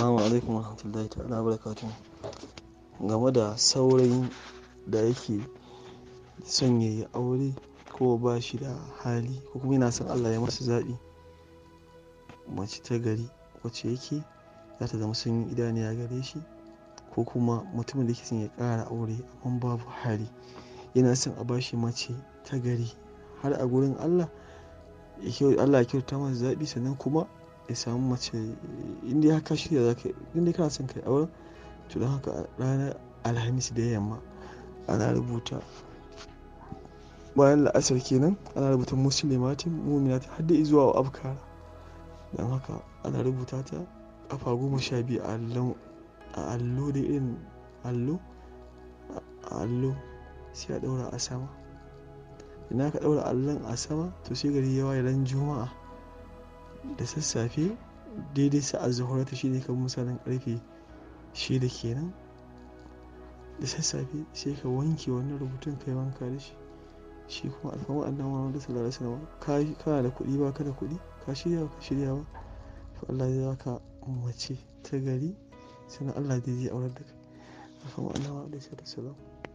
Assalamu alaikum warahmatullahi ta'ala barakatuhu. Game da saurayin da yake son ya yi aure ko ba shi da hali ko kuma yana son Allah ya masa zaɓi mace ta gari wacce yake za ta zama sun yi idaniya gare shi ko kuma mutumin da yake son ya ƙara aure amma babu hali yana son a bashi mace ta gari har a gurin Allah Allah ya kyauta masa zaɓi sannan kuma ya samu mace inda kashi da za ka inda kana son kai auren to don haka ranar alhamis da yamma ana rubuta bayan la'asar kenan ana rubuta muslimatin muminati har da zuwa wa abkara don haka ana rubuta ta kafa goma sha biyu a allo da irin allo a allo sai a daura a sama ina ka daura allon a sama to sai gari yawa waye juma'a da sassafe daidai a zuhura ta ne kan misalin karfe shida kenan da sassafe sai ka wanke wannan rubutun kai wanka da shi shi kuma alfawar annan wani da sallallahu alaihi wasallam kana da kuɗi ba ka da kuɗi ka shirya ka shirya ba to Allah zai ka mace ta gari sannan Allah zai je aurar da kai alfawar annan wani da sallallahu alaihi